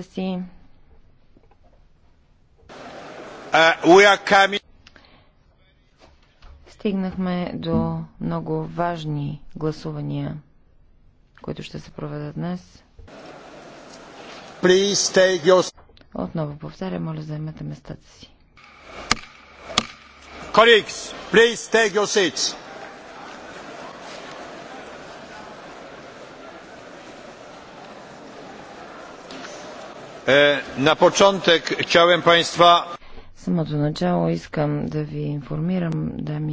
си. Uh, Стигнахме до много важни гласувания, които ще се проведат днес. Your... Отново повтаря, моля заемете местата си. Colleagues, please take your seats. На e, початък chciałem Państwa... Самото начало искам да ви информирам, дами